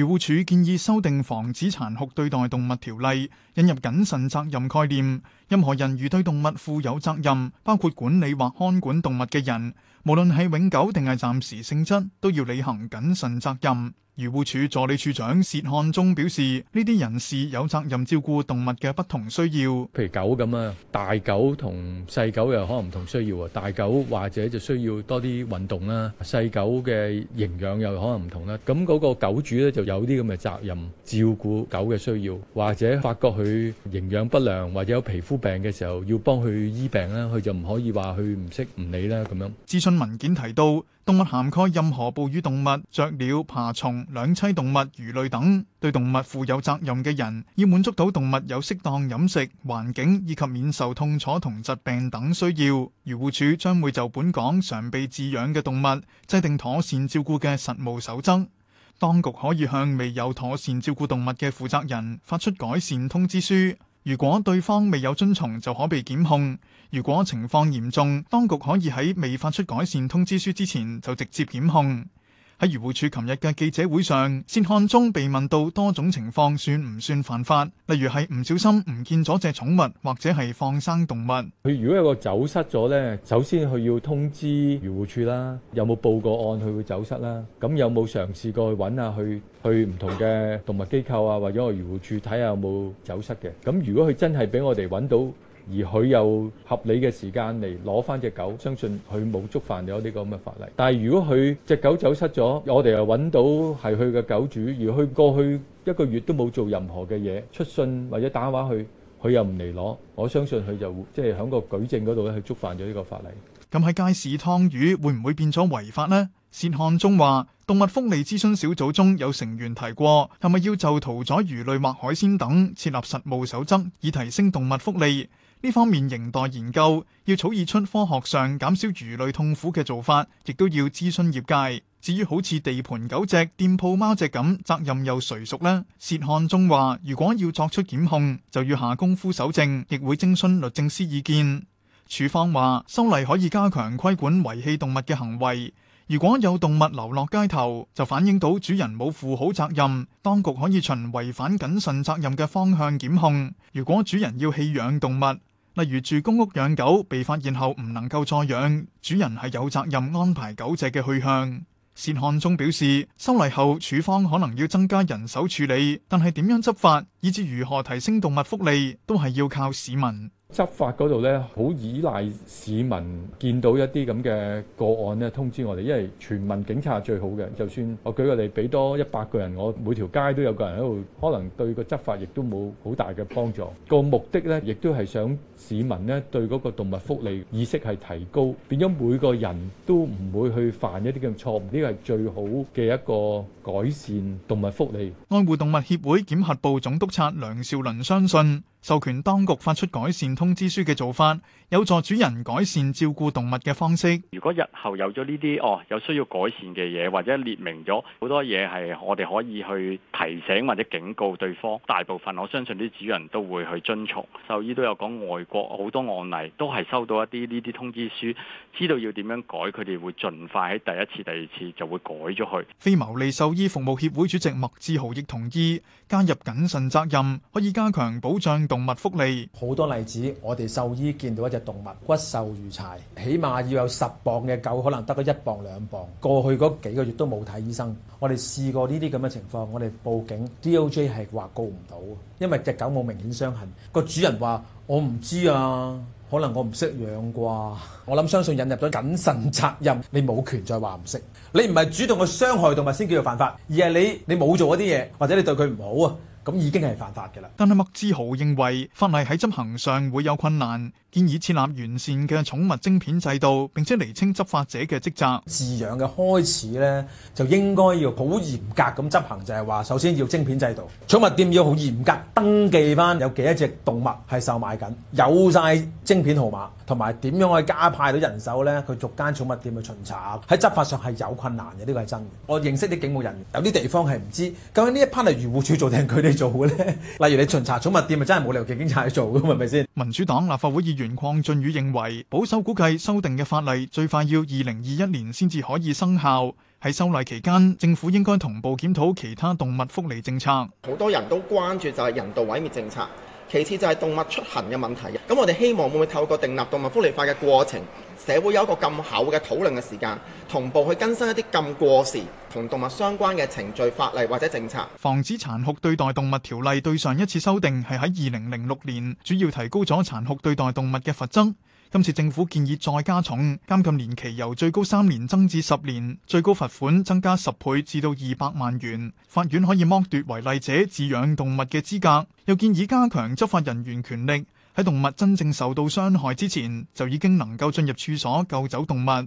漁護署建議修訂《防止殘酷對待動物條例》，引入謹慎責任概念。任何人如對動物負有責任，包括管理或看管動物嘅人。無論係永久定係暫時性質，都要履行謹慎責任。漁護署助理署長薛漢忠表示：呢啲人士有責任照顧動物嘅不同需要，譬如狗咁啊，大狗同細狗又可能唔同需要啊。大狗或者就需要多啲運動啦，細狗嘅營養又可能唔同啦。咁嗰個狗主咧就有啲咁嘅責任照顧狗嘅需要，或者發覺佢營養不良或者有皮膚病嘅時候，要幫佢醫病啦。佢就唔可以話佢唔識唔理啦咁樣。諮詢。文件提到，動物涵蓋任何哺乳動物、雀鳥、爬蟲、兩棲動物、魚類等。對動物負有責任嘅人，要滿足到動物有適當飲食、環境以及免受痛楚同疾病等需要。漁護署將會就本港常被飼養嘅動物，制定妥善照顧嘅實務守則。當局可以向未有妥善照顧動物嘅負責人，發出改善通知書。如果對方未有遵從，就可被檢控。如果情況嚴重，當局可以喺未發出改善通知書之前就直接檢控。喺漁護署琴日嘅記者會上，薛漢忠被問到多種情況算唔算犯法，例如係唔小心唔見咗隻寵物或者係放生動物。佢如果有個走失咗呢，首先佢要通知漁護處啦，有冇報過案，佢會走失啦。咁有冇嘗試過去揾啊？去去唔同嘅動物機構啊，或者個漁護處睇下有冇走失嘅。咁如果佢真係俾我哋揾到。而佢有合理嘅時間嚟攞返隻狗，相信佢冇觸犯咗呢個咁嘅法例。但係如果佢隻狗走失咗，我哋又揾到係佢嘅狗主，而佢過去一個月都冇做任何嘅嘢，出信或者打電話去，佢又唔嚟攞，我相信佢就即係喺個舉證嗰度咧，係觸犯咗呢個法例。咁喺街市劏魚會唔會變咗違法呢？薛漢忠話：動物福利諮詢小組中有成員提過，係咪要就屠宰魚類或海鮮等設立實務守則，以提升動物福利？呢方面仍待研究，要草擬出科學上減少魚類痛苦嘅做法，亦都要諮詢業界。至於好似地盤狗隻、店鋪貓隻咁，責任又誰屬呢？薛漢忠話，如果要作出檢控，就要下功夫蒐證，亦會徵詢律政司意見。署方話修例可以加強規管遺棄動物嘅行為，如果有動物流落街頭，就反映到主人冇負好責任，當局可以循違反謹慎責任嘅方向檢控。如果主人要棄養動物，例如住公屋養狗，被發現後唔能夠再養，主人係有責任安排狗隻嘅去向。薛漢忠表示，修例後，處方可能要增加人手處理，但係點樣執法，以至如何提升動物福利，都係要靠市民。執法嗰度咧，好依賴市民見到一啲咁嘅個案咧，通知我哋。因為全民警察係最好嘅，就算我舉個例，俾多一百個人，我每條街都有個人喺度，可能對個執法亦都冇好大嘅幫助。個目的咧，亦都係想市民咧，對嗰個動物福利意識係提高，變咗每個人都唔會去犯一啲咁錯誤，呢個係最好嘅一個改善動物福利。愛護動物協會檢核部總督察梁兆倫相信，授權當局發出改善通知書嘅做法有助主人改善照顧動物嘅方式。如果日後有咗呢啲哦，有需要改善嘅嘢，或者列明咗好多嘢，係我哋可以去提醒或者警告對方。大部分我相信啲主人都會去遵從。獸醫都有講，外國好多案例都係收到一啲呢啲通知書，知道要點樣改，佢哋會盡快喺第一次、第二次就會改咗去。非牟利獸醫服務協會主席麥志豪亦同意加入謹慎責任，可以加強保障動物福利。好多例子，我哋獸醫見到一隻動物骨瘦如柴，起碼要有十磅嘅狗，可能得嗰一磅兩磅。過去嗰幾個月都冇睇醫生。我哋試過呢啲咁嘅情況，我哋報警，DOJ 係話告唔到，因為隻狗冇明顯傷痕。個主人話：我唔知啊，可能我唔識養啩。我諗相信引入咗謹慎責任，你冇權再話唔識。你唔係主動去傷害動物先叫做犯法，而係你你冇做一啲嘢，或者你對佢唔好啊。咁已經係犯法嘅啦。但係麥志豪認為法例喺執行上會有困難。建議設立完善嘅寵物晶片制度，並且釐清執法者嘅職責。飼養嘅開始咧，就應該要好嚴格咁執行就，就係話首先要晶片制度。寵物店要好嚴格登記翻有幾多隻動物係售賣緊，有晒晶片號碼，同埋點樣去加派到人手咧？佢逐間寵物店去巡查，喺執法上係有困難嘅，呢個係真嘅。我認識啲警務人員，有啲地方係唔知。究竟一呢一 part 係漁護署做定佢哋做嘅咧？ 例如你巡查寵物店，咪真係冇理由叫警察去做㗎，係咪先？民主黨立法會議員原鄺俊宇認為，保守估計修訂嘅法例最快要二零二一年先至可以生效。喺修例期間，政府應該同步檢討其他動物福利政策。好多人都關注就係人道毀滅政策，其次就係動物出行嘅問題。咁我哋希望會唔會透過訂立動物福利法嘅過程？社會有一個咁厚嘅討論嘅時間，同步去更新一啲咁過時同動物相關嘅程序法例或者政策。防止殘酷對待動物條例對上一次修訂係喺二零零六年，主要提高咗殘酷對待動物嘅罰則。今次政府建議再加重監禁年期，由最高三年增至十年，最高罰款增加十倍至到二百萬元。法院可以剝奪違例者飼養動物嘅資格。又建議加強執法人員權力。喺動物真正受到傷害之前，就已經能夠進入處所救走動物。